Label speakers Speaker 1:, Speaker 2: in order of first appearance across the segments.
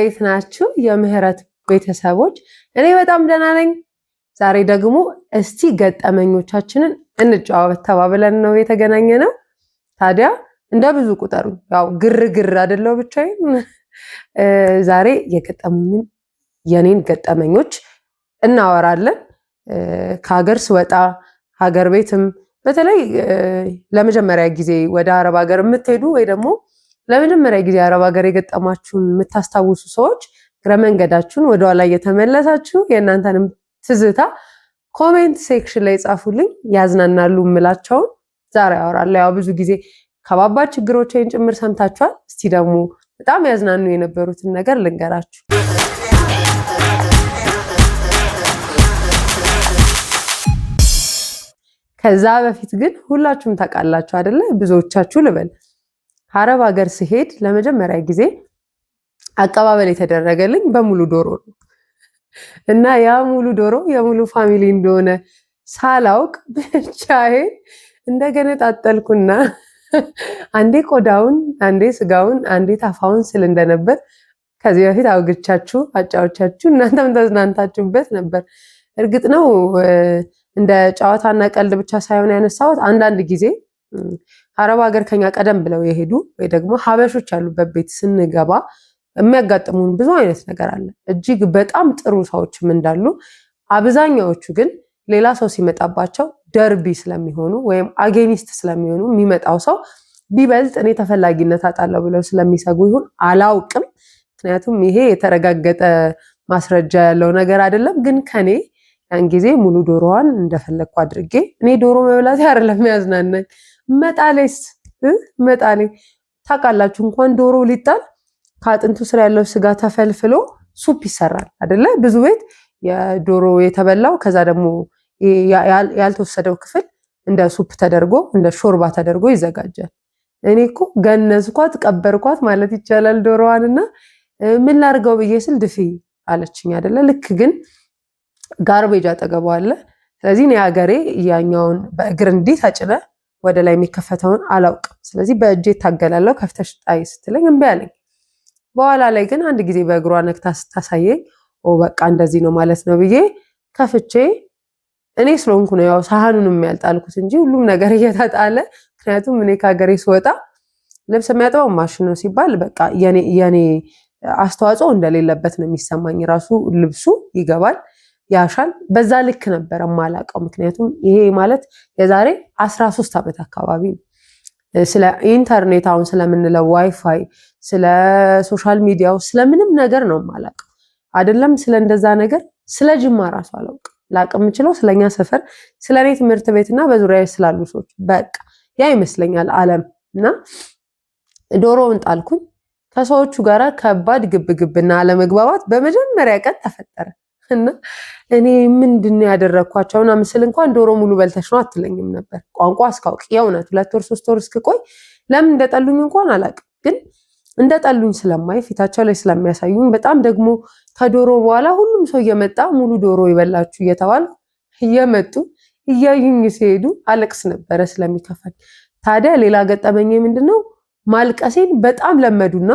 Speaker 1: እንዴት ናችሁ የምህረት ቤተሰቦች? እኔ በጣም ደህና ነኝ። ዛሬ ደግሞ እስቲ ገጠመኞቻችንን እንጨዋወት ተባብለን ነው የተገናኘ ነው። ታዲያ እንደ ብዙ ቁጠሩ። ያው ግርግር አይደለው ብቻዬን። ዛሬ የገጠሙኝን የኔን ገጠመኞች እናወራለን። ከሀገር ስወጣ ሀገር ቤትም በተለይ ለመጀመሪያ ጊዜ ወደ አረብ ሀገር የምትሄዱ ወይ ደግሞ ለመጀመሪያ ጊዜ አረብ ሀገር የገጠማችሁን የምታስታውሱ ሰዎች እግረ መንገዳችሁን ወደኋላ እየተመለሳችሁ የእናንተንም ትዝታ ኮሜንት ሴክሽን ላይ ጻፉልኝ። ያዝናናሉ የምላቸውን ዛሬ አወራለሁ። ያው ብዙ ጊዜ ከባባድ ችግሮችን ጭምር ሰምታችኋል። እስቲ ደግሞ በጣም ያዝናኑ የነበሩትን ነገር ልንገራችሁ። ከዛ በፊት ግን ሁላችሁም ታውቃላችሁ አደለ? ብዙዎቻችሁ ልበል አረብ ሀገር ስሄድ ለመጀመሪያ ጊዜ አቀባበል የተደረገልኝ በሙሉ ዶሮ ነው እና ያ ሙሉ ዶሮ የሙሉ ፋሚሊ እንደሆነ ሳላውቅ ብቻዬን እንደገነጣጠልኩና አንዴ ቆዳውን፣ አንዴ ስጋውን፣ አንዴ ታፋውን ስል እንደነበር ከዚህ በፊት አውግቻችሁ አጫዎቻችሁ እናንተም ተዝናንታችሁበት ነበር። እርግጥ ነው እንደ ጨዋታና ቀልድ ብቻ ሳይሆን ያነሳሁት አንዳንድ ጊዜ አረብ ሀገር ከኛ ቀደም ብለው የሄዱ ወይ ደግሞ ሀበሾች ያሉበት ቤት ስንገባ የሚያጋጥሙን ብዙ አይነት ነገር አለ። እጅግ በጣም ጥሩ ሰዎችም እንዳሉ አብዛኛዎቹ ግን ሌላ ሰው ሲመጣባቸው ደርቢ ስለሚሆኑ ወይም አጌኒስት ስለሚሆኑ የሚመጣው ሰው ቢበልጥ እኔ ተፈላጊነት አጣለው ብለው ስለሚሰጉ ይሁን አላውቅም። ምክንያቱም ይሄ የተረጋገጠ ማስረጃ ያለው ነገር አይደለም። ግን ከኔ ያን ጊዜ ሙሉ ዶሮዋን እንደፈለግኩ አድርጌ እኔ ዶሮ መብላት አይደለም ያዝናናኝ መጣሌስ መጣሌ ታውቃላችሁ፣ እንኳን ዶሮ ሊጣል ከአጥንቱ ስር ያለው ስጋ ተፈልፍሎ ሱፕ ይሰራል አደለ? ብዙ ቤት የዶሮ የተበላው ከዛ ደግሞ ያልተወሰደው ክፍል እንደ ሱፕ ተደርጎ እንደ ሾርባ ተደርጎ ይዘጋጃል። እኔ እኮ ገነዝኳት ቀበርኳት ማለት ይቻላል ዶሮዋን። እና ምን ላድርገው ብዬ ስል ድፊ አለችኝ አደለ? ልክ ግን ጋርቤጅ አጠገቧ አለ። ስለዚህ እኔ ሀገሬ ያኛውን በእግር እንዲህ ተጭነ ወደ ላይ የሚከፈተውን አላውቅም። ስለዚህ በእጄ እታገላለሁ ከፍተሽ ጣይ ስትለኝ እምቢ አለኝ። በኋላ ላይ ግን አንድ ጊዜ በእግሯ ነክታ ስታሳየኝ በቃ እንደዚህ ነው ማለት ነው ብዬ ከፍቼ እኔ ስለሆንኩ ነው ያው ሳህኑን የሚያልጣልኩት እንጂ ሁሉም ነገር እየተጣለ ምክንያቱም እኔ ከሀገሬ ስወጣ ልብስ የሚያጥበው ማሽን ነው ሲባል በቃ የኔ አስተዋጽኦ እንደሌለበት ነው የሚሰማኝ። ራሱ ልብሱ ይገባል ያሻል በዛ ልክ ነበረ ማላቀው። ምክንያቱም ይሄ ማለት የዛሬ 13 አመት ዓመት አካባቢ ስለ ኢንተርኔት አሁን ስለምንለው ዋይፋይ፣ ስለ ሶሻል ሚዲያው፣ ስለምንም ነገር ነው ማላቀው። አይደለም ስለ እንደዛ ነገር ስለ ጅማ ራሱ አላውቅ። ላቅ የምችለው ስለኛ ሰፈር፣ ስለ እኔ ትምህርት ቤትና በዙሪያ ስላሉ ሰዎች በቃ ያ ይመስለኛል ዓለም እና ዶሮውን ጣልኩኝ። ከሰዎቹ ጋራ ከባድ ግብግብና አለመግባባት በመጀመሪያ ቀን ተፈጠረ። እና እኔ ምንድን ነው ያደረግኳቸው እንኳን ዶሮ ሙሉ በልተሽ ነው አትለኝም ነበር። ቋንቋ እስካውቅ የእውነት ሁለት ወር ሶስት ወር እስክቆይ ለምን እንደጠሉኝ እንኳን አላውቅም፣ ግን እንደጠሉኝ ስለማይ ፊታቸው ላይ ስለሚያሳዩኝ በጣም ደግሞ ከዶሮ በኋላ ሁሉም ሰው እየመጣ ሙሉ ዶሮ ይበላችሁ እየተባሉ እየመጡ እያዩኝ ሲሄዱ አለቅስ ነበረ ስለሚከፋኝ። ታዲያ ሌላ ገጠመኝ ምንድን ነው ማልቀሴን በጣም ለመዱና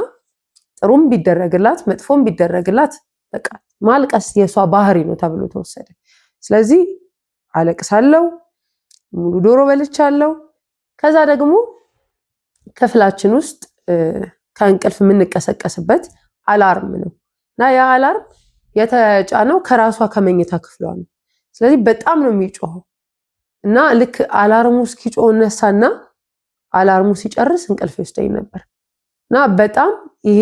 Speaker 1: ጥሩም ቢደረግላት መጥፎም ቢደረግላት በቃ ማልቀስ የእሷ ባህሪ ነው ተብሎ ተወሰደ። ስለዚህ አለቅሳለው፣ ሙሉ ዶሮ በልቻለው። ከዛ ደግሞ ክፍላችን ውስጥ ከእንቅልፍ የምንቀሰቀስበት አላርም ነው እና ያ አላርም የተጫነው ከራሷ ከመኝታ ክፍሏ ነው። ስለዚህ በጣም ነው የሚጮኸው እና ልክ አላርሙ እስኪጮህ እነሳና አላርሙ ሲጨርስ እንቅልፍ ይወስደኝ ነበር እና በጣም ይሄ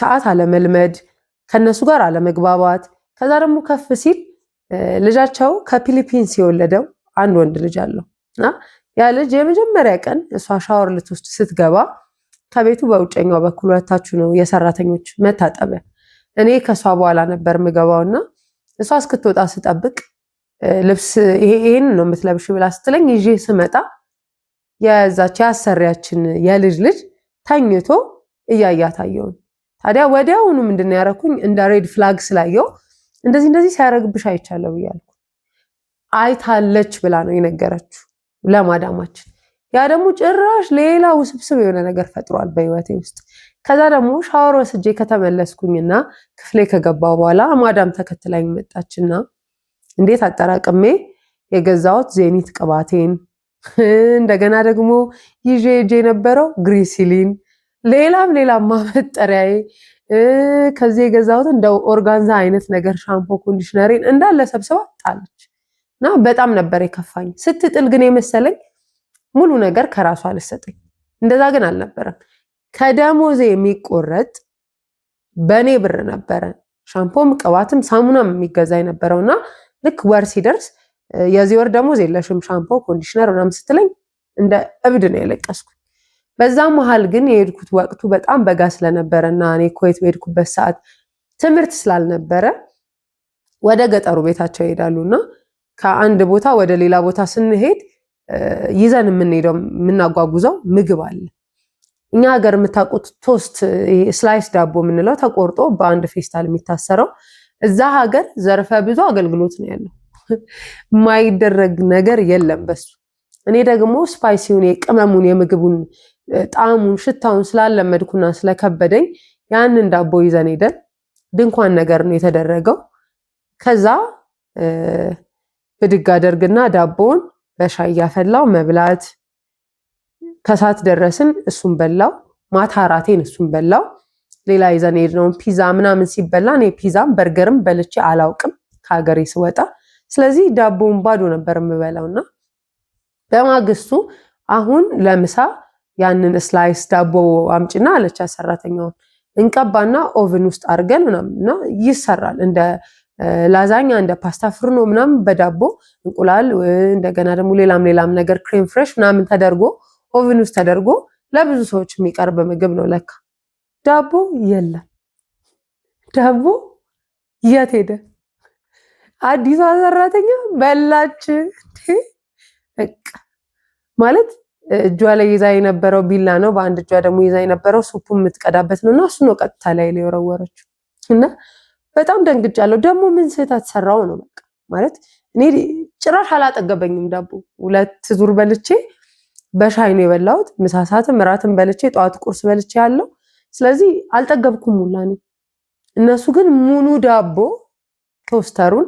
Speaker 1: ሰዓት አለመልመድ ከነሱ ጋር አለመግባባት ከዛ ደግሞ ከፍ ሲል ልጃቸው ከፊሊፒንስ የወለደው አንድ ወንድ ልጅ አለው እና ያ ልጅ የመጀመሪያ ቀን እሷ ሻወር ልትወስድ ስትገባ ከቤቱ በውጨኛው በኩል ሁለታችሁ ነው የሰራተኞች መታጠቢያ። እኔ ከእሷ በኋላ ነበር ምገባው እና እሷ እስክትወጣ ስጠብቅ ልብስ ይሄን ነው የምትለብሽ ብላ ስትለኝ ይዤ ስመጣ የዛች የአሰሪያችን የልጅ ልጅ ተኝቶ እያያታየውን ታዲያ ወዲያውኑ ምንድን ያደረኩኝ? እንደ ሬድ ፍላግ ስላየው እንደዚህ እንደዚህ ሲያደርግብሽ አይቻለሁ እያልኩ አይታለች ብላ ነው የነገረችው ለማዳማችን። ያ ደግሞ ጭራሽ ሌላ ውስብስብ የሆነ ነገር ፈጥሯል በህይወቴ ውስጥ። ከዛ ደግሞ ሻወር ወስጄ ከተመለስኩኝና ክፍሌ ከገባ በኋላ ማዳም ተከትላኝ መጣችና እንዴት አጠራቅሜ የገዛሁት ዜኒት ቅባቴን እንደገና ደግሞ ይዤ ሄጄ የነበረው ግሪሲሊን ሌላም ሌላም ማበጠሪያዬ ከዚህ የገዛሁት እንደ ኦርጋንዛ አይነት ነገር ሻምፖ ኮንዲሽነሬን እንዳለ ሰብስባ ጣለች እና በጣም ነበር የከፋኝ። ስትጥል ግን የመሰለኝ ሙሉ ነገር ከራሷ አልሰጠኝ። እንደዛ ግን አልነበረም። ከደሞዜ የሚቆረጥ በእኔ ብር ነበረ ሻምፖም ቅባትም ሳሙናም የሚገዛ የነበረው እና ልክ ወር ሲደርስ የዚህ ወር ደሞዝ የለሽም ሻምፖ ኮንዲሽነር ምናምን ስትለኝ እንደ እብድ ነው የለቀስኩ። በዛ መሀል ግን የሄድኩት ወቅቱ በጣም በጋ ስለነበረ እና እኔ ኩዌት በሄድኩበት ሰዓት ትምህርት ስላልነበረ ወደ ገጠሩ ቤታቸው ይሄዳሉ እና ከአንድ ቦታ ወደ ሌላ ቦታ ስንሄድ ይዘን የምንሄደው የምናጓጉዘው ምግብ አለ። እኛ ሀገር የምታውቁት ቶስት ስላይስ ዳቦ የምንለው ተቆርጦ በአንድ ፌስታል የሚታሰረው እዛ ሀገር ዘርፈ ብዙ አገልግሎት ነው ያለው። የማይደረግ ነገር የለም በሱ። እኔ ደግሞ ስፓይሲውን የቅመሙን የምግቡን ጣዕሙን ሽታውን ስላለመድኩና ስለከበደኝ ያንን ዳቦ ይዘን ሄደን ድንኳን ነገር ነው የተደረገው። ከዛ ብድግ አደርግና ዳቦውን በሻይ እያፈላው መብላት ከሰዓት ደረስን። እሱን በላው ማታ አራቴን እሱን በላው። ሌላ ይዘን ሄድነውን ፒዛ ምናምን ሲበላ እኔ ፒዛም በርገርም በልቼ አላውቅም ከሀገሬ ስወጣ። ስለዚህ ዳቦውን ባዶ ነበር የምበላውና በማግስቱ አሁን ለምሳ ያንን ስላይስ ዳቦ አምጭና አለቻ ሰራተኛውን። እንቀባና ኦቭን ውስጥ አድርገን ምናምን እና ይሰራል እንደ ላዛኛ እንደ ፓስታ ፍርኖ ምናምን በዳቦ እንቁላል፣ እንደገና ደግሞ ሌላም ሌላም ነገር ክሬም ፍሬሽ ምናምን ተደርጎ ኦቭን ውስጥ ተደርጎ ለብዙ ሰዎች የሚቀርብ ምግብ ነው። ለካ ዳቦ የለም። ዳቦ የት ሄደ? አዲሷ ሰራተኛ በላች ማለት እጇ ላይ ይዛ የነበረው ቢላ ነው። በአንድ እጇ ደግሞ ይዛ የነበረው ሱፑ የምትቀዳበት ነው እና እሱ ነው ቀጥታ ላይ የወረወረችው እና በጣም ደንግጫለሁ። ደግሞ ምን ስህተት ሰራው ነው በቃ ማለት እኔ ጭራሽ አላጠገበኝም። ዳቦ ሁለት ዙር በልቼ በሻይ ነው የበላሁት። ምሳ እራትም በልቼ ጠዋት ቁርስ በልቼ ያለው ስለዚህ አልጠገብኩም ሁላ እኔ። እነሱ ግን ሙሉ ዳቦ ቶስተሩን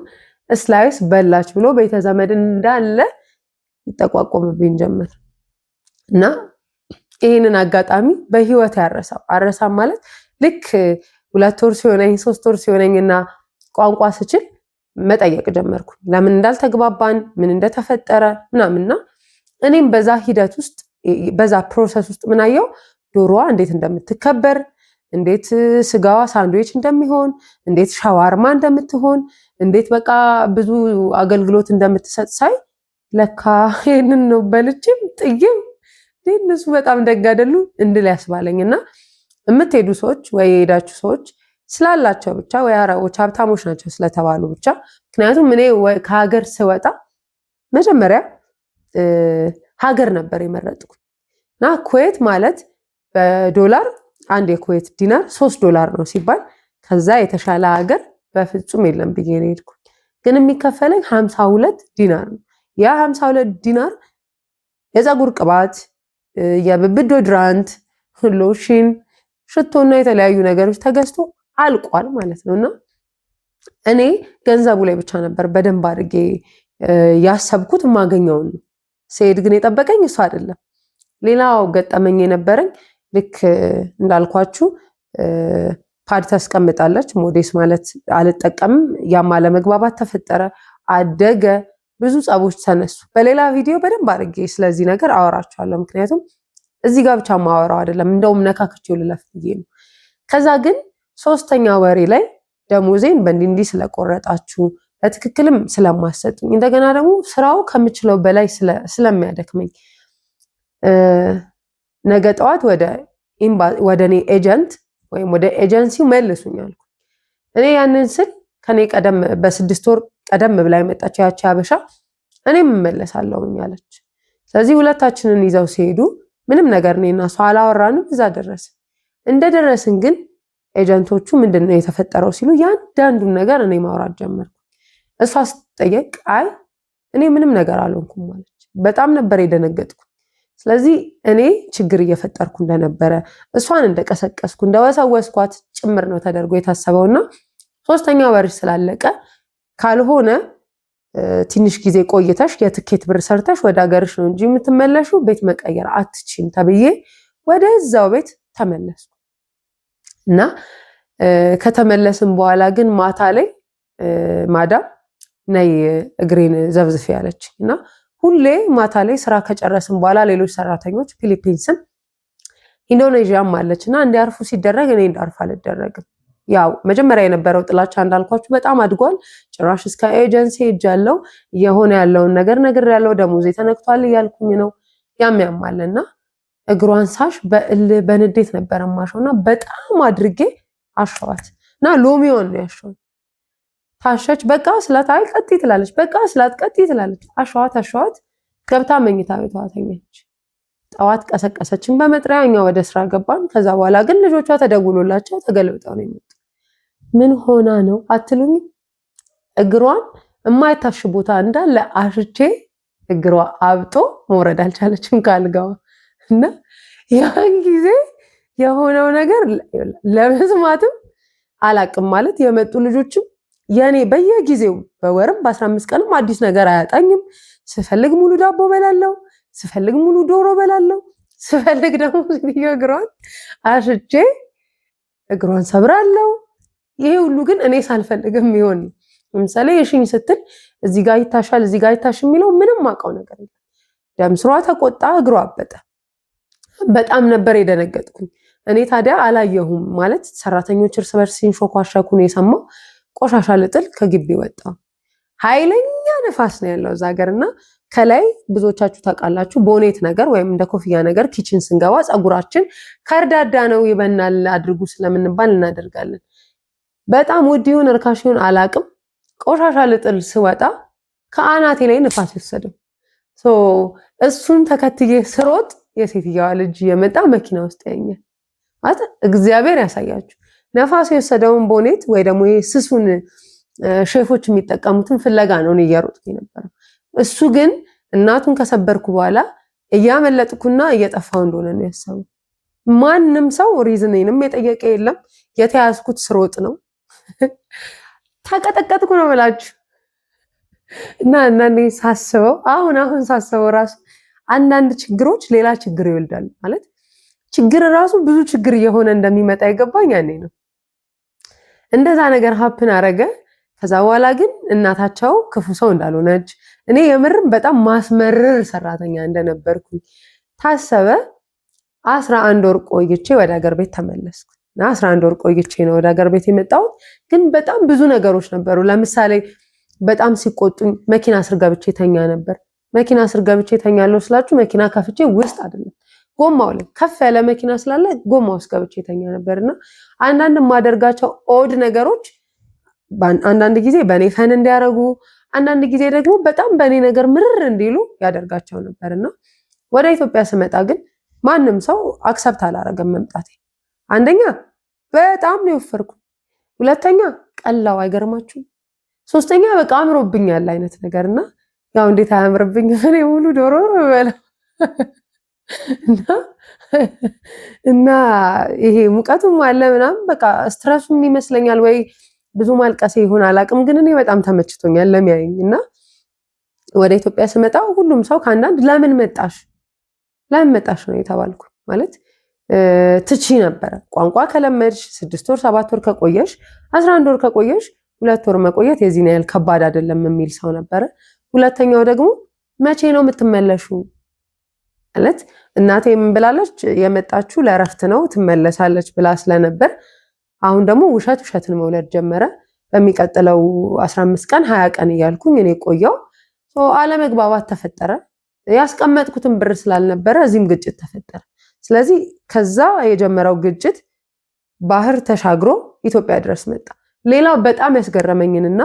Speaker 1: ስላይስ በላች ብሎ ቤተዘመድ እንዳለ ይጠቋቆምብኝ ጀመር። እና ይህንን አጋጣሚ በህይወት ያረሳው አረሳም ማለት ልክ ሁለት ወር ሲሆነኝ ሶስት ወር ሲሆነኝ እና ቋንቋ ስችል መጠየቅ ጀመርኩ፣ ለምን እንዳልተግባባን ምን እንደተፈጠረ ምናምንና እኔም በዛ ሂደት ውስጥ በዛ ፕሮሰስ ውስጥ ምናየው ዶሮዋ እንዴት እንደምትከበር እንዴት ስጋዋ ሳንድዊች እንደሚሆን እንዴት ሻዋርማ እንደምትሆን እንዴት በቃ ብዙ አገልግሎት እንደምትሰጥ ሳይ ለካ ይህንን ነው በልጅም ጥይም እነሱ በጣም ደግ አይደሉ እንድል ያስባለኝ እና የምትሄዱ ሰዎች ወይ የሄዳችሁ ሰዎች ስላላቸው ብቻ ወይ አረቦች ሀብታሞች ናቸው ስለተባሉ ብቻ ምክንያቱም እኔ ከሀገር ስወጣ መጀመሪያ ሀገር ነበር የመረጥኩ እና ኩዌት ማለት በዶላር አንድ የኩዌት ዲናር ሶስት ዶላር ነው ሲባል ከዛ የተሻለ ሀገር በፍጹም የለም ብዬ ነው የሄድኩት። ግን የሚከፈለኝ ሀምሳ ሁለት ዲናር ነው። ያ ሀምሳ ሁለት ዲናር የፀጉር ቅባት የብብት ዶድራንት፣ ሎሽን፣ ሽቶና የተለያዩ ነገሮች ተገዝቶ አልቋል ማለት ነው። እና እኔ ገንዘቡ ላይ ብቻ ነበር በደንብ አድርጌ ያሰብኩት የማገኘውን ነው። ስሄድ ግን የጠበቀኝ እሱ አይደለም። ሌላው ገጠመኝ የነበረኝ ልክ እንዳልኳችሁ ፓድ ታስቀምጣለች። ሞዴስ ማለት አልጠቀምም። ያም አለመግባባት ተፈጠረ አደገ። ብዙ ጸቦች ተነሱ። በሌላ ቪዲዮ በደንብ አድርጌ ስለዚህ ነገር አወራችኋለሁ። ምክንያቱም እዚህ ጋር ብቻ ማወራው አይደለም፣ እንደውም ነካክቼው ልለፍ ብዬ ነው። ከዛ ግን ሶስተኛ ወሬ ላይ ደሞዜን በእንዲህ እንዲህ ስለቆረጣችሁ በትክክልም ስለማሰጡኝ እንደገና ደግሞ ስራው ከምችለው በላይ ስለሚያደክመኝ ነገ ጠዋት ወደ እኔ ኤጀንት ወይም ወደ ኤጀንሲው መልሱኝ አልኩ። እኔ ያንን ስል ከኔ ቀደም በስድስት ወር ቀደም ብላ የመጣችው ያቺ ሀበሻ እኔም እመለሳለሁኝ አለች። ስለዚህ ሁለታችንን ይዘው ሲሄዱ ምንም ነገር እኔና እሷ አላወራንም። እዛ ደረስን። እንደደረስን ግን ኤጀንቶቹ ምንድን ነው የተፈጠረው ሲሉ ያንዳንዱን ነገር እኔ ማውራት ጀመርኩ። እሷ ስትጠየቅ አይ እኔ ምንም ነገር አልሆንኩም አለች። በጣም ነበር የደነገጥኩ። ስለዚህ እኔ ችግር እየፈጠርኩ እንደነበረ እሷን እንደቀሰቀስኩ እንደወሰወስኳት ጭምር ነው ተደርጎ የታሰበውና ሶስተኛው ወር ስላለቀ ካልሆነ ትንሽ ጊዜ ቆይተሽ የትኬት ብር ሰርተሽ ወደ ሀገርሽ ነው እንጂ የምትመለሹ ቤት መቀየር አትችም ተብዬ ወደዛው ቤት ተመለስኩ እና ከተመለስም በኋላ ግን ማታ ላይ ማዳም ነይ እግሬን ዘብዝፍ ያለች እና ሁሌ ማታ ላይ ስራ ከጨረስን በኋላ ሌሎች ሰራተኞች ፊሊፒንስም ኢንዶኔዥያም አለች እና እንዲያርፉ ሲደረግ እኔ እንዳርፍ አልደረግም። ያው መጀመሪያ የነበረው ጥላቻ እንዳልኳችሁ በጣም አድጓል። ጭራሽ እስከ ኤጀንሲ ሄጃለሁ። የሆነ ያለውን ነገር ነግሬያለሁ። ደሞዜ ተነክቷል እያልኩኝ ነው። ያም ያማል እና እግሯን ሳሽ በእልህ በንዴት ነበረ ማሸው እና በጣም አድርጌ አሸዋት እና ሎሚዮን ነው ያሸው። ታሸች። በቃ ስላት አይ ቀጥ ትላለች፣ በቃ ስላት ቀጥ ትላለች። አሸዋት አሸዋት ገብታ መኝታ ቤቷ ተኛች። ጠዋት ቀሰቀሰችን በመጥሪያ እኛ ወደ ስራ ገባን። ከዛ በኋላ ግን ልጆቿ ተደውሎላቸው ተገለብጠው ነው የመጡት። ምን ሆና ነው አትሉኝ? እግሯን የማይታሽ ቦታ እንዳለ አሽቼ እግሯ አብጦ መውረድ አልቻለችም ካልጋዋ እና ያን ጊዜ የሆነው ነገር ለመስማትም አላቅም ማለት የመጡ ልጆችም የኔ በየጊዜው በወርም በአስራ አምስት ቀንም አዲስ ነገር አያጣኝም። ስፈልግ ሙሉ ዳቦ በላለው፣ ስፈልግ ሙሉ ዶሮ በላለው፣ ስፈልግ ደግሞ እግሯን አሽቼ እግሯን ሰብራለው። ይሄ ሁሉ ግን እኔ ሳልፈልግም ይሆን ነው። ለምሳሌ የሽኝ ስትል እዚህ ጋር ይታሻል፣ እዚህ ጋር ይታሽ የሚለው ምንም አውቀው ነገር የለም። ደም ስሯ ተቆጣ፣ እግሯ አበጠ። በጣም ነበር የደነገጥኩኝ። እኔ ታዲያ አላየሁም ማለት ሰራተኞች እርስ በርስ ሲንሾኳሸኩ ነው የሰማው። ቆሻሻ ልጥል ከግቢ ወጣው። ኃይለኛ ነፋስ ነው ያለው እዛ ሀገር እና ከላይ ብዙዎቻችሁ ታውቃላችሁ፣ ቦኔት ነገር ወይም እንደ ኮፍያ ነገር ኪችን ስንገባ ፀጉራችን ከርዳዳ ነው ይበናል፣ አድርጉ ስለምንባል እናደርጋለን። በጣም ውድ ይሁን እርካሽ ይሁን አላቅም። ቆሻሻ ልጥል ስወጣ ከአናቴ ላይ ንፋስ ይወሰድም። እሱን ተከትዬ ስሮጥ የሴትየዋ ልጅ የመጣ መኪና ውስጥ ያኛል። እግዚአብሔር ያሳያችሁ። ነፋስ የወሰደውን ቦኔት ወይ ደግሞ ስሱን ሼፎች የሚጠቀሙትን ፍለጋ ነው እየሮጥኩ የነበረው። እሱ ግን እናቱን ከሰበርኩ በኋላ እያመለጥኩና እየጠፋው እንደሆነ ነው ያሰቡ። ማንም ሰው ሪዝንንም የጠየቀ የለም። የተያዝኩት ስሮጥ ነው። ታቀጠቀጥኩ ነው ብላችሁ እና አንዳንዴ ሳስበው አሁን አሁን ሳስበው ራሱ አንዳንድ ችግሮች ሌላ ችግር ይወልዳሉ። ማለት ችግር ራሱ ብዙ ችግር እየሆነ እንደሚመጣ ይገባኝ ያኔ ነው። እንደዛ ነገር ሀፕን አረገ። ከዛ በኋላ ግን እናታቸው ክፉ ሰው እንዳልሆነች እኔ የምርም በጣም ማስመርር ሰራተኛ እንደነበርኩኝ ታሰበ። አስራ አንድ ወር ቆይቼ ወደ ሀገር ቤት ተመለስኩ። እና አስራ አንድ ወር ቆይቼ ነው ወደ ሀገር ቤት የመጣሁት። ግን በጣም ብዙ ነገሮች ነበሩ። ለምሳሌ በጣም ሲቆጡኝ መኪና ስር ገብቼ ተኛ ነበር። መኪና ስር ገብቼ ተኛለሁ ስላችሁ መኪና ከፍቼ ውስጥ አይደለም ጎማው ላይ ከፍ ያለ መኪና ስላለ ጎማ ውስጥ ገብቼ ተኛ ነበር እና አንዳንድ የማደርጋቸው ኦድ ነገሮች አንዳንድ ጊዜ በእኔ ፈን እንዲያደርጉ፣ አንዳንድ ጊዜ ደግሞ በጣም በእኔ ነገር ምርር እንዲሉ ያደርጋቸው ነበር እና ወደ ኢትዮጵያ ስመጣ ግን ማንም ሰው አክሰብት አላረገም መምጣቴ አንደኛ በጣም ነው የወፈርኩ፣ ሁለተኛ ቀላው አይገርማችሁም፣ ሶስተኛ በቃ አምሮብኛል አይነት ነገር እና ያው እንዴት አያምርብኝ እኔ ሙሉ ዶሮ ነው የምበላው እና ይሄ ሙቀቱም አለ ምናምን በቃ ስትረሱም ይመስለኛል ወይ ብዙ ማልቀሴ ይሆን አላቅም፣ ግን እኔ በጣም ተመችቶኛል ለሚያየኝ እና ወደ ኢትዮጵያ ስመጣ ሁሉም ሰው ከአንዳንድ ለምን መጣሽ ለምን መጣሽ ነው የተባልኩ ማለት ትቺ ነበረ። ቋንቋ ከለመድሽ ስድስት ወር ሰባት ወር ከቆየሽ አስራ አንድ ወር ከቆየሽ ሁለት ወር መቆየት የዚህን ያህል ከባድ አይደለም የሚል ሰው ነበረ። ሁለተኛው ደግሞ መቼ ነው የምትመለሹ? ማለት እናቴ ምን ብላለች? የመጣችሁ ለእረፍት ነው ትመለሳለች ብላ ስለነበር አሁን ደግሞ ውሸት ውሸትን መውለድ ጀመረ። በሚቀጥለው አስራ አምስት ቀን ሀያ ቀን እያልኩኝ እኔ ቆየው። አለመግባባት ተፈጠረ። ያስቀመጥኩትን ብር ስላልነበረ እዚህም ግጭት ተፈጠረ። ስለዚህ ከዛ የጀመረው ግጭት ባህር ተሻግሮ ኢትዮጵያ ድረስ መጣ። ሌላው በጣም ያስገረመኝንና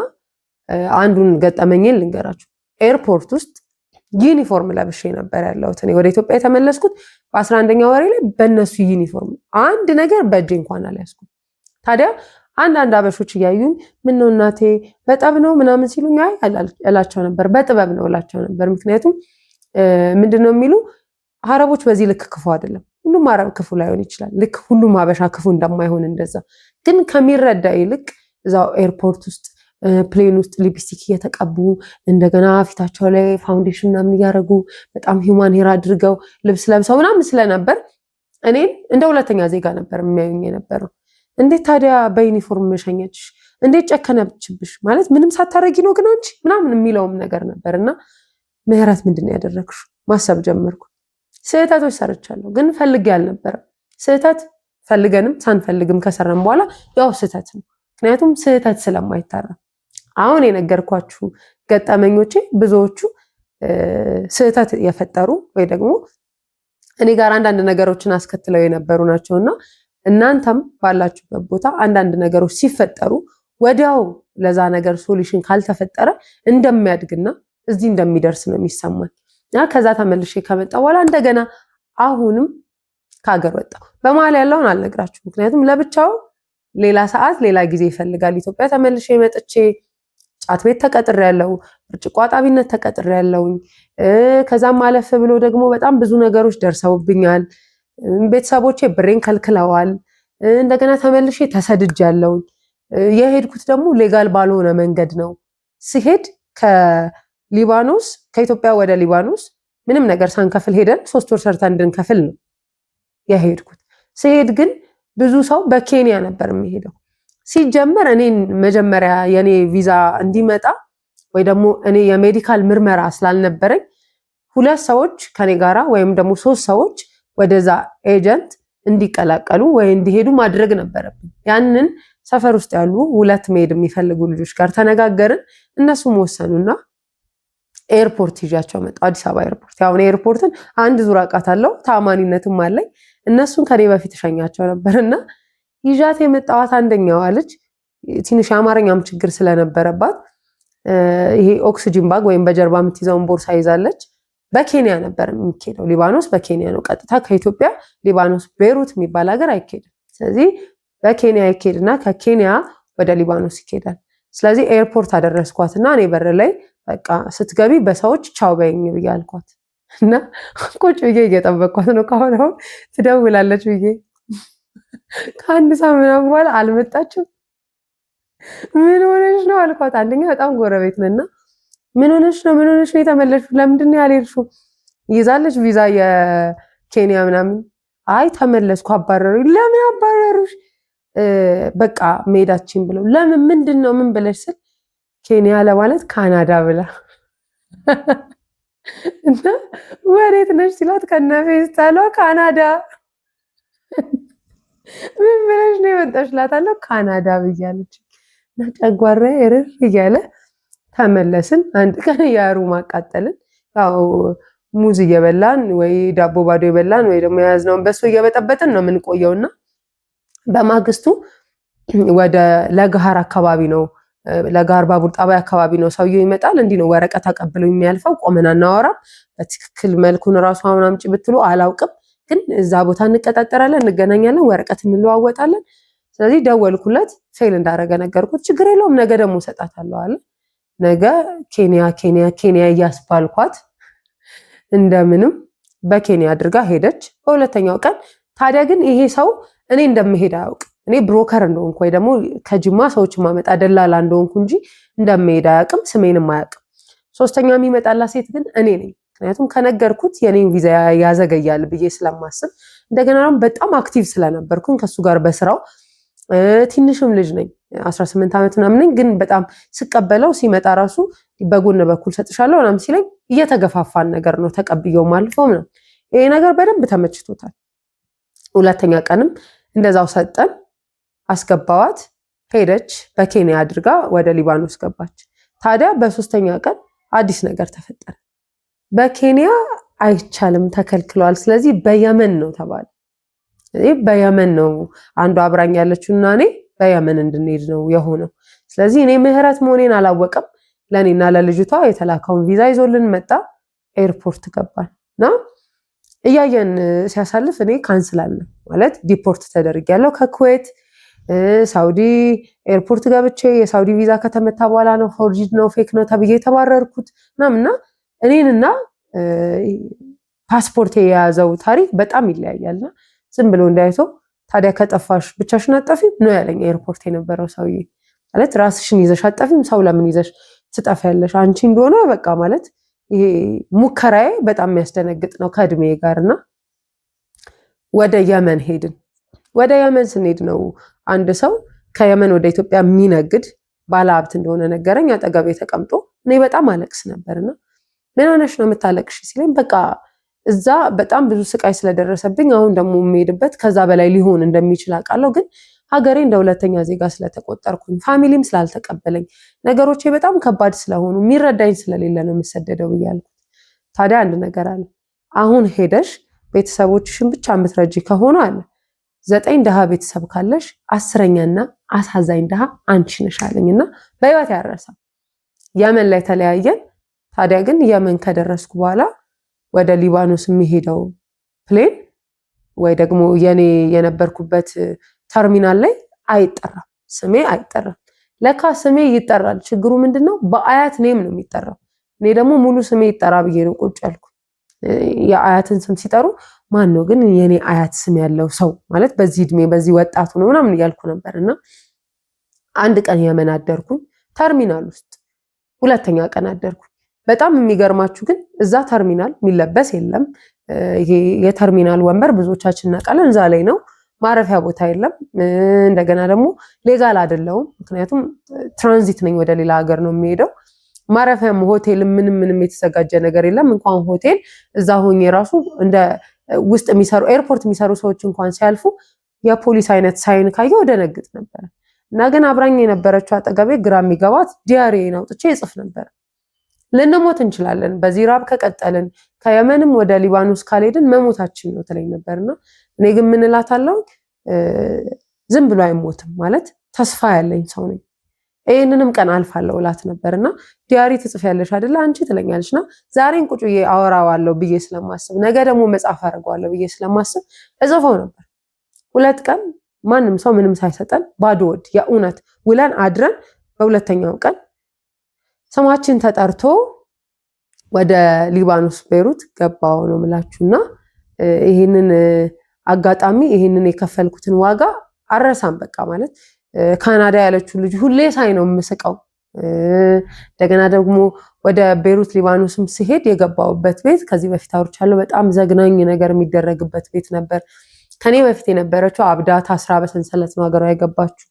Speaker 1: አንዱን ገጠመኝን ልንገራችሁ። ኤርፖርት ውስጥ ዩኒፎርም ለብሼ ነበር ያለሁት። እኔ ወደ ኢትዮጵያ የተመለስኩት በአስራ ኛ ወሬ ላይ በእነሱ ዩኒፎርም፣ አንድ ነገር በእጄ እንኳን አልያዝኩም። ታዲያ አንዳንድ አበሾች እያዩኝ ምን ነው እናቴ በጠብ ነው ምናምን ሲሉኝ አይ እላቸው ነበር፣ በጥበብ ነው እላቸው ነበር። ምክንያቱም ምንድን ነው የሚሉ አረቦች በዚህ ልክ ክፉ አይደለም። ሁሉም አረብ ክፉ ላይሆን ይችላል። ልክ ሁሉም አበሻ ክፉ እንደማይሆን እንደዛ፣ ግን ከሚረዳ ይልቅ እዛው ኤርፖርት ውስጥ ፕሌን ውስጥ ሊፕስቲክ እየተቀቡ እንደገና ፊታቸው ላይ ፋውንዴሽን ምናምን እያደረጉ በጣም ሂውማን ሄር አድርገው ልብስ ለብሰው ምናምን ስለነበር እኔም እንደ ሁለተኛ ዜጋ ነበር የሚያዩኝ የነበረው። እንዴት ታዲያ በዩኒፎርም መሸኘችሽ? እንዴት ጨከነችብሽ? ማለት ምንም ሳታረጊ ነው ግን አንቺ ምናምን የሚለውም ነገር ነበር እና ምህረት ምንድን ነው ያደረግሽው ማሰብ ጀመርኩ። ስህተቶች ሰርቻለሁ፣ ግን ፈልጌ አልነበረም። ስህተት ፈልገንም ሳንፈልግም ከሰራን በኋላ ያው ስህተት ነው። ምክንያቱም ስህተት ስለማይታረም አሁን የነገርኳችሁ ገጠመኞቼ ብዙዎቹ ስህተት የፈጠሩ ወይ ደግሞ እኔ ጋር አንዳንድ ነገሮችን አስከትለው የነበሩ ናቸው እና እናንተም ባላችሁበት ቦታ አንዳንድ ነገሮች ሲፈጠሩ ወዲያው ለዛ ነገር ሶሉሽን ካልተፈጠረ እንደሚያድግና እዚህ እንደሚደርስ ነው የሚሰማኝ። እና ከዛ ተመልሼ ከመጣ በኋላ እንደገና አሁንም ከሀገር ወጣ። በመሀል ያለውን አልነግራችሁ፣ ምክንያቱም ለብቻው ሌላ ሰዓት ሌላ ጊዜ ይፈልጋል። ኢትዮጵያ ተመልሼ መጥቼ ጫት ቤት ተቀጥር ያለው፣ ብርጭቆ አጣቢነት ተቀጥር ያለውኝ። ከዛም አለፍ ብሎ ደግሞ በጣም ብዙ ነገሮች ደርሰውብኛል። ቤተሰቦቼ ብሬን ከልክለዋል። እንደገና ተመልሼ ተሰድጅ ያለውኝ። የሄድኩት ደግሞ ሌጋል ባልሆነ መንገድ ነው። ሲሄድ ሊባኖስ ከኢትዮጵያ ወደ ሊባኖስ ምንም ነገር ሳንከፍል ሄደን ሶስት ወር ሰርተን እንድንከፍል ነው የሄድኩት። ስሄድ ግን ብዙ ሰው በኬንያ ነበር የሚሄደው። ሲጀመር እኔን መጀመሪያ የኔ ቪዛ እንዲመጣ ወይ ደግሞ እኔ የሜዲካል ምርመራ ስላልነበረኝ ሁለት ሰዎች ከኔ ጋራ ወይም ደግሞ ሶስት ሰዎች ወደዛ ኤጀንት እንዲቀላቀሉ ወይ እንዲሄዱ ማድረግ ነበረብኝ። ያንን ሰፈር ውስጥ ያሉ ሁለት መሄድ የሚፈልጉ ልጆች ጋር ተነጋገርን። እነሱም ወሰኑና ኤርፖርት ይዣቸው መጣሁ። አዲስ አበባ ኤርፖርት አሁን ኤርፖርትን አንድ ዙር አውቃታለሁ፣ ታማኒነትም አለኝ። እነሱን ከኔ በፊት እሸኛቸው ነበር እና ይዣት የመጣዋት አንደኛዋ ልጅ ትንሽ የአማርኛም ችግር ስለነበረባት ይሄ ኦክስጂን ባግ ወይም በጀርባ የምትይዘውን ቦርሳ ይዛለች። በኬንያ ነበር የሚኬደው። ሊባኖስ በኬንያ ነው። ቀጥታ ከኢትዮጵያ ሊባኖስ ቤሩት የሚባል ሀገር አይኬድም። ስለዚህ በኬንያ ይኬድ ከኬንያ ወደ ሊባኖስ ይኬዳል። ስለዚህ ኤርፖርት አደረስኳትና እኔ በር ላይ በቃ ስትገቢ በሰዎች ቻው በይኝ ብዬ አልኳት እና ቁጭ ብዬ እየጠበቅኳት ነው። ሁን አሁን ትደውላለች ብዬ ከአንድ ሳምንት ምናምን በኋላ አልመጣችም። ምን ሆነሽ ነው አልኳት። አንደኛ በጣም ጎረቤት ነና ምን ሆነሽ ነው? ምን ሆነሽ ነው የተመለስሽው? ለምንድን ነው ያልሄድሽው? ይዛለች ቪዛ የኬንያ ምናምን። አይ ተመለስኩ። አባረሩ። ለምን አባረሩሽ? በቃ መሄዳችን ብለው። ለምን ምንድን ነው ምን ብለሽ ስል ኬንያ ለማለት ካናዳ ብላ እና ወዴት ነሽ ሲሏት ከነ ካናዳ ምን ብለሽ ነው የመጣሽ እላታለሁ። ካናዳ ብያለች እና ጨጓራ ርር እያለ ተመለስን። አንድ ቀን ያሩ ማቃጠልን ያው ሙዝ እየበላን ወይ ዳቦ ባዶ የበላን ወይ ደግሞ የያዝነውን በሶ እየበጠበጥን ነው የምንቆየውና በማግስቱ ወደ ለገሃር አካባቢ ነው ለጋርባ ቡር ጣቢያ አካባቢ ነው ሰውየው ይመጣል። እንዲህ ነው ወረቀት አቀብለው የሚያልፈው። ቆመን አናወራም። በትክክል መልኩን ራሱ አሁን አምጪ ብትሉ አላውቅም፣ ግን እዛ ቦታ እንቀጣጠራለን፣ እንገናኛለን፣ ወረቀት እንለዋወጣለን። ስለዚህ ደወልኩለት፣ ፌል እንዳደረገ ነገርኩት። ችግር የለውም ነገ ደግሞ እሰጣታለሁ አለ። ነገ ኬንያ ኬንያ ኬንያ እያስባልኳት እንደምንም በኬንያ አድርጋ ሄደች። በሁለተኛው ቀን ታዲያ ግን ይሄ ሰው እኔ እንደምሄድ አያውቅም። እኔ ብሮከር እንደሆንኩ ወይ ደግሞ ከጅማ ሰዎች ማመጣ ደላላ እንደሆንኩ እንጂ እንደምሄድ አያውቅም፣ ስሜንም አያውቅም። ሶስተኛ የሚመጣላት ሴት ግን እኔ ነኝ። ምክንያቱም ከነገርኩት የኔን ቪዛ ያዘገያል ብዬ ስለማስብ እንደገና በጣም አክቲቭ ስለነበርኩኝ ከሱ ጋር በስራው ትንሽም ልጅ ነኝ፣ 18 ዓመት ምናምን ነኝ። ግን በጣም ስቀበለው ሲመጣ ራሱ በጎን በኩል ሰጥሻለሁ ምናምን ሲለኝ እየተገፋፋን ነገር ነው ተቀብየው ማልፈው ነው ይሄ ነገር በደንብ ተመችቶታል። ሁለተኛ ቀንም እንደዛው ሰጠን። አስገባዋት። ሄደች በኬንያ አድርጋ ወደ ሊባኖስ ገባች። ታዲያ በሶስተኛ ቀን አዲስ ነገር ተፈጠረ። በኬንያ አይቻልም ተከልክሏል፣ ስለዚህ በየመን ነው ተባለ። በየመን ነው አንዱ አብራኝ ያለችው እና እኔ በየመን እንድንሄድ ነው የሆነው። ስለዚህ እኔ ምህረት መሆኔን አላወቀም። ለእኔና ለልጅቷ የተላከውን ቪዛ ይዞልን መጣ። ኤርፖርት ገባል እና እያየን ሲያሳልፍ እኔ ካንስላል ማለት ዲፖርት ተደርጌያለሁ ከኩዌት ሳውዲ ኤርፖርት ገብቼ የሳውዲ ቪዛ ከተመታ በኋላ ነው ፎርጅድ ነው ፌክ ነው ተብዬ የተባረርኩት ምናምና እኔንና ፓስፖርት የያዘው ታሪክ በጣም ይለያያልና ዝም ብሎ እንዳይቶ ታዲያ ከጠፋሽ ብቻሽን አጠፊም ነው ያለኝ ኤርፖርት የነበረው ሰውዬ። ማለት ራስሽን ይዘሽ አጠፊም ሰው ለምን ይዘሽ ትጠፊያለሽ? አንቺ እንደሆነ በቃ ማለት ይሄ ሙከራዬ በጣም የሚያስደነግጥ ነው ከእድሜ ጋር እና ወደ የመን ሄድን። ወደ የመን ስንሄድ ነው አንድ ሰው ከየመን ወደ ኢትዮጵያ የሚነግድ ባለሀብት እንደሆነ ነገረኝ። አጠገቤ ተቀምጦ እኔ በጣም አለቅስ ነበርና ምን ሆነሽ ነው የምታለቅሽ ሲለኝ በቃ እዛ በጣም ብዙ ስቃይ ስለደረሰብኝ አሁን ደግሞ የምሄድበት ከዛ በላይ ሊሆን እንደሚችል አውቃለሁ፣ ግን ሀገሬ እንደ ሁለተኛ ዜጋ ስለተቆጠርኩኝ ፋሚሊም ስላልተቀበለኝ ነገሮቼ በጣም ከባድ ስለሆኑ የሚረዳኝ ስለሌለ ነው የምሰደደው ብያለሁ። ታዲያ አንድ ነገር አለ። አሁን ሄደሽ ቤተሰቦችሽን ብቻ የምትረጂ ከሆነ አለ ዘጠኝ ድሃ ቤተሰብ ካለሽ አስረኛና አሳዛኝ ድሃ አንቺ ነሽ አለኝ እና በህይወት ያረሰ የመን ላይ ተለያየን። ታዲያ ግን የመን ከደረስኩ በኋላ ወደ ሊባኖስ የሚሄደው ፕሌን ወይ ደግሞ የኔ የነበርኩበት ተርሚናል ላይ አይጠራም፣ ስሜ አይጠራም። ለካ ስሜ ይጠራል። ችግሩ ምንድን ነው? በአያት ኔም ነው የሚጠራው። እኔ ደግሞ ሙሉ ስሜ ይጠራ ብዬ ነው ቁጭ ያልኩ። የአያትን ስም ሲጠሩ ማን ነው ግን የኔ አያት ስም ያለው ሰው ማለት በዚህ እድሜ በዚህ ወጣቱ ነው ምናምን እያልኩ ነበር። እና አንድ ቀን የመን አደርኩኝ ተርሚናል ውስጥ ሁለተኛ ቀን አደርኩኝ። በጣም የሚገርማችሁ ግን እዛ ተርሚናል የሚለበስ የለም። የተርሚናል ወንበር ብዙዎቻችን እናውቃለን፣ እዛ ላይ ነው። ማረፊያ ቦታ የለም። እንደገና ደግሞ ሌጋል አይደለውም፣ ምክንያቱም ትራንዚት ነኝ፣ ወደ ሌላ ሀገር ነው የሚሄደው። ማረፊያም ሆቴል ምንም ምንም የተዘጋጀ ነገር የለም። እንኳን ሆቴል እዛ ሆኜ ራሱ እንደ ውስጥ የሚሰሩ ኤርፖርት የሚሰሩ ሰዎች እንኳን ሲያልፉ የፖሊስ አይነት ሳይን ካየው ደነግጥ ነበረ እና ግን አብራኝ የነበረችው አጠገቤ ግራ የሚገባት ዲያሪ አውጥቼ ይጽፍ ነበር። ልንሞት እንችላለን በዚህ ራብ ከቀጠልን፣ ከየመንም ወደ ሊባኖስ ካልሄድን መሞታችን ነው ትለኝ እና እኔ ግን ምን ዝም ብሎ አይሞትም ማለት ተስፋ ያለኝ ሰው ነኝ። ይህንንም ቀን አልፋለሁ እላት ነበር እና ዲያሪ ትጽፊያለሽ አይደለ አንቺ ትለኛለች እና ዛሬን ቁጭዬ ብዬ አወራዋለሁ ብዬ ስለማስብ ነገ ደግሞ መጽሐፍ አድርገዋለሁ ብዬ ስለማስብ እጽፈው ነበር። ሁለት ቀን ማንም ሰው ምንም ሳይሰጠን ባዶ ወድ የእውነት ውለን አድረን በሁለተኛው ቀን ስማችን ተጠርቶ ወደ ሊባኖስ ቤሩት ገባው ነው የምላችሁ እና ይህንን አጋጣሚ ይህንን የከፈልኩትን ዋጋ አረሳም። በቃ ማለት ካናዳ ያለችው ልጅ ሁሌ ሳይ ነው የምስቀው። እንደገና ደግሞ ወደ ቤሩት ሊባኖስም ሲሄድ የገባውበት ቤት ከዚህ በፊት አውርቻለሁ። በጣም ዘግናኝ ነገር የሚደረግበት ቤት ነበር። ከኔ በፊት የነበረችው አብዳ ታስራ በሰንሰለት ነው ሀገሯ የገባችው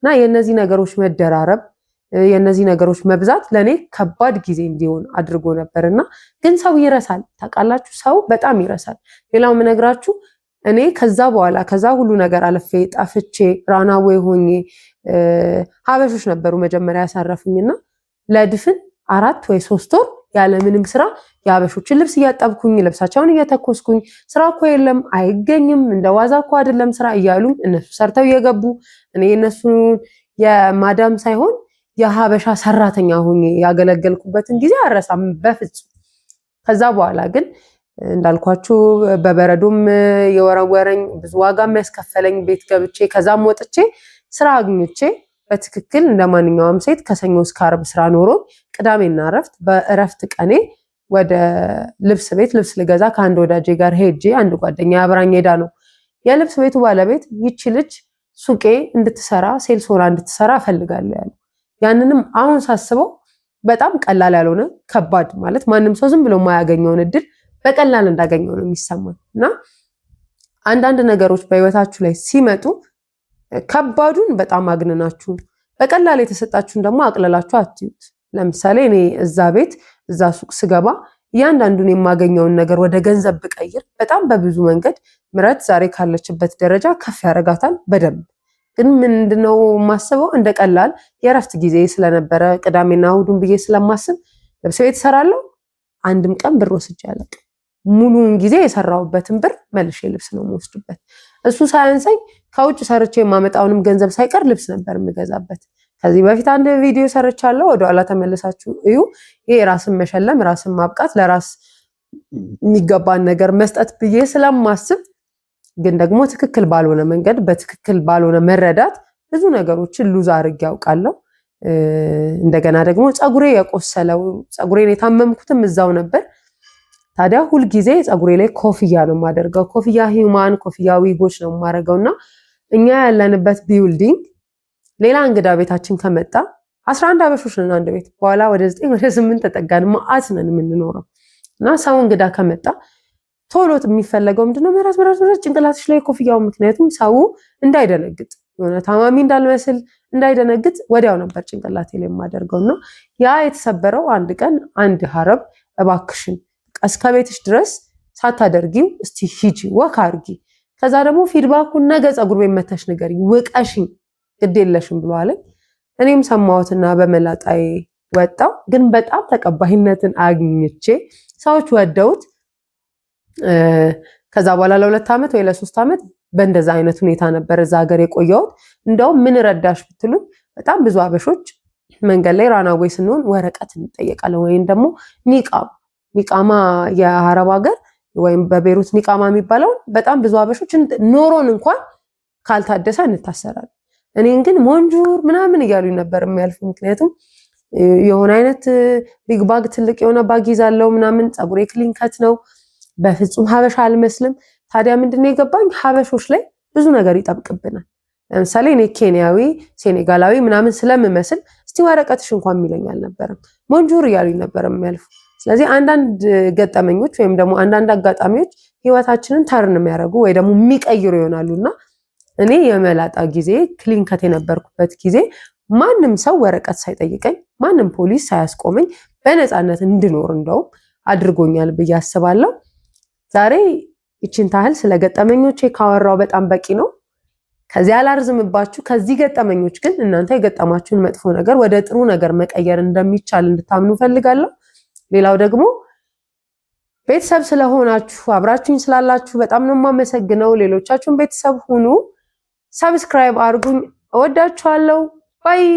Speaker 1: እና የእነዚህ ነገሮች መደራረብ የእነዚህ ነገሮች መብዛት ለእኔ ከባድ ጊዜ እንዲሆን አድርጎ ነበር እና ግን ሰው ይረሳል። ታውቃላችሁ፣ ሰው በጣም ይረሳል። ሌላው የምነግራችሁ እኔ ከዛ በኋላ ከዛ ሁሉ ነገር አልፌ ጣፍቼ ራናዌ ሆኜ ሀበሾች ነበሩ መጀመሪያ ያሳረፉኝና ለድፍን አራት ወይ ሶስት ወር ያለምንም ስራ የሀበሾችን ልብስ እያጠብኩኝ ልብሳቸውን እየተኮስኩኝ ስራ እኮ የለም አይገኝም፣ እንደ ዋዛ እኮ አይደለም ስራ እያሉኝ እነሱ ሰርተው እየገቡ እኔ እነሱን የማዳም ሳይሆን የሀበሻ ሰራተኛ ሆኜ ያገለገልኩበትን ጊዜ አረሳም በፍጹም። ከዛ በኋላ ግን እንዳልኳችሁ በበረዶም የወረወረኝ ብዙ ዋጋ የሚያስከፈለኝ ቤት ገብቼ ከዛም ወጥቼ ስራ አግኝቼ በትክክል እንደ ማንኛውም ሴት ከሰኞ እስከ አርብ ስራ ኖሮ ቅዳሜና እረፍት በእረፍት ቀኔ ወደ ልብስ ቤት ልብስ ልገዛ ከአንድ ወዳጄ ጋር ሄጄ አንድ ጓደኛ አብራኝ ሄዳ ነው የልብስ ቤቱ ባለቤት ይቺ ልጅ ሱቄ እንድትሰራ ሴልስ ሆና እንድትሰራ እፈልጋለሁ ያለ። ያንንም አሁን ሳስበው በጣም ቀላል ያልሆነ ከባድ ማለት ማንም ሰው ዝም ብሎ የማያገኘውን እድል በቀላል እንዳገኘው ነው የሚሰማኝ እና አንዳንድ ነገሮች በህይወታችሁ ላይ ሲመጡ ከባዱን በጣም አግንናችሁ በቀላል የተሰጣችሁን ደግሞ አቅለላችሁ አትዩት። ለምሳሌ እኔ እዛ ቤት እዛ ሱቅ ስገባ እያንዳንዱን የማገኘውን ነገር ወደ ገንዘብ ብቀይር በጣም በብዙ መንገድ ምረት ዛሬ ካለችበት ደረጃ ከፍ ያደርጋታል። በደንብ ግን ምንድነው የማስበው እንደ ቀላል የእረፍት ጊዜ ስለነበረ ቅዳሜና እሁዱን ብዬ ስለማስብ ልብስ ቤት እሰራለሁ። አንድም ቀን ብር ወስጄ አላውቅም። ሙሉውን ጊዜ የሰራሁበትን ብር መልሼ ልብስ ነው የምወስድበት። እሱ ሳያንሰኝ ከውጭ ሰርቼ የማመጣውንም ገንዘብ ሳይቀር ልብስ ነበር የምገዛበት። ከዚህ በፊት አንድ ቪዲዮ ሰርቻለሁ፣ ወደኋላ ተመልሳችሁ እዩ። ይሄ ራስን መሸለም፣ ራስን ማብቃት፣ ለራስ የሚገባን ነገር መስጠት ብዬ ስለማስብ ግን ደግሞ ትክክል ባልሆነ መንገድ በትክክል ባልሆነ መረዳት ብዙ ነገሮችን ሉዝ አድርጌ ያውቃለሁ። እንደገና ደግሞ ፀጉሬ የቆሰለው ፀጉሬን የታመምኩትም እዛው ነበር። ታዲያ ሁልጊዜ ፀጉሬ ላይ ኮፍያ ነው የማደርገው። ኮፍያ ሂውማን ኮፍያ ዊጎች ነው የማደርገው እና እኛ ያለንበት ቢውልዲንግ ሌላ እንግዳ ቤታችን ከመጣ አስራ አንድ አበሾች ነን አንድ ቤት በኋላ ወደ ዘጠኝ ወደ ስምንት ተጠጋን። ማአት ነን የምንኖረው እና ሰው እንግዳ ከመጣ ቶሎ የሚፈለገው ምንድነው? ምራስ ምራስ ምራስ ጭንቅላትሽ ላይ ኮፍያው። ምክንያቱም ሰው እንዳይደነግጥ የሆነ ታማሚ እንዳልመስል እንዳይደነግጥ ወዲያው ነበር ጭንቅላቴ ላይ የማደርገው እና ያ የተሰበረው አንድ ቀን አንድ ሀረብ እባክሽን እስከ ቤትሽ ድረስ ሳታደርጊው እስቲ ሂጂ ወክ አርጊ። ከዛ ደግሞ ፊድባኩን ነገ ፀጉር ቤት መተሽ ንገሪኝ፣ ውቀሽኝ፣ ግድ የለሽም ብሎ አለኝ። እኔም ሰማሁትና በመላጣዬ ወጣው። ግን በጣም ተቀባይነትን አግኝቼ ሰዎች ወደውት ከዛ በኋላ ለሁለት ዓመት ወይ ለሶስት ዓመት በእንደዛ አይነት ሁኔታ ነበር እዛ ሀገር የቆየሁት። እንደውም ምን ረዳሽ ብትሉ በጣም ብዙ አበሾች መንገድ ላይ ራናዌይ ስንሆን ወረቀት እንጠየቃለን ወይም ደግሞ ኒቃብ ኒቃማ የአረብ ሀገር ወይም በቤሩት ኒቃማ የሚባለውን በጣም ብዙ አበሾች ኖሮን እንኳን ካልታደሰ እንታሰራለን። እኔን ግን ሞንጁር ምናምን እያሉኝ ነበር የሚያልፉ። ምክንያቱም የሆነ አይነት ቢግ ባግ ትልቅ የሆነ ባግ ይዛለው ምናምን፣ ፀጉሬ ክሊንከት ነው፣ በፍጹም ሀበሻ አልመስልም። ታዲያ ምንድን የገባኝ ሀበሾች ላይ ብዙ ነገር ይጠብቅብናል። ለምሳሌ እኔ ኬንያዊ፣ ሴኔጋላዊ ምናምን ስለምመስል እስቲ ወረቀትሽ እንኳን የሚለኝ አልነበረም። ሞንጁር እያሉኝ ነበር የሚያልፉ ስለዚህ አንዳንድ ገጠመኞች ወይም ደግሞ አንዳንድ አጋጣሚዎች ህይወታችንን ተርን የሚያደርጉ ወይ ደግሞ የሚቀይሩ ይሆናሉ እና እኔ የመላጣ ጊዜ ክሊንከት የነበርኩበት ጊዜ ማንም ሰው ወረቀት ሳይጠይቀኝ ማንም ፖሊስ ሳያስቆመኝ በነፃነት እንድኖር እንደውም አድርጎኛል ብዬ አስባለሁ። ዛሬ ይችን ታህል ስለ ገጠመኞቼ ካወራው በጣም በቂ ነው። ከዚህ አላርዝምባችሁ። ከዚህ ገጠመኞች ግን እናንተ የገጠማችሁን መጥፎ ነገር ወደ ጥሩ ነገር መቀየር እንደሚቻል እንድታምኑ ፈልጋለሁ። ሌላው ደግሞ ቤተሰብ ስለሆናችሁ አብራችሁኝ ስላላችሁ በጣም ነው የማመሰግነው። ሌሎቻችሁን ቤተሰብ ሁኑ፣ ሰብስክራይብ አድርጉኝ። እወዳችኋለሁ። ባይ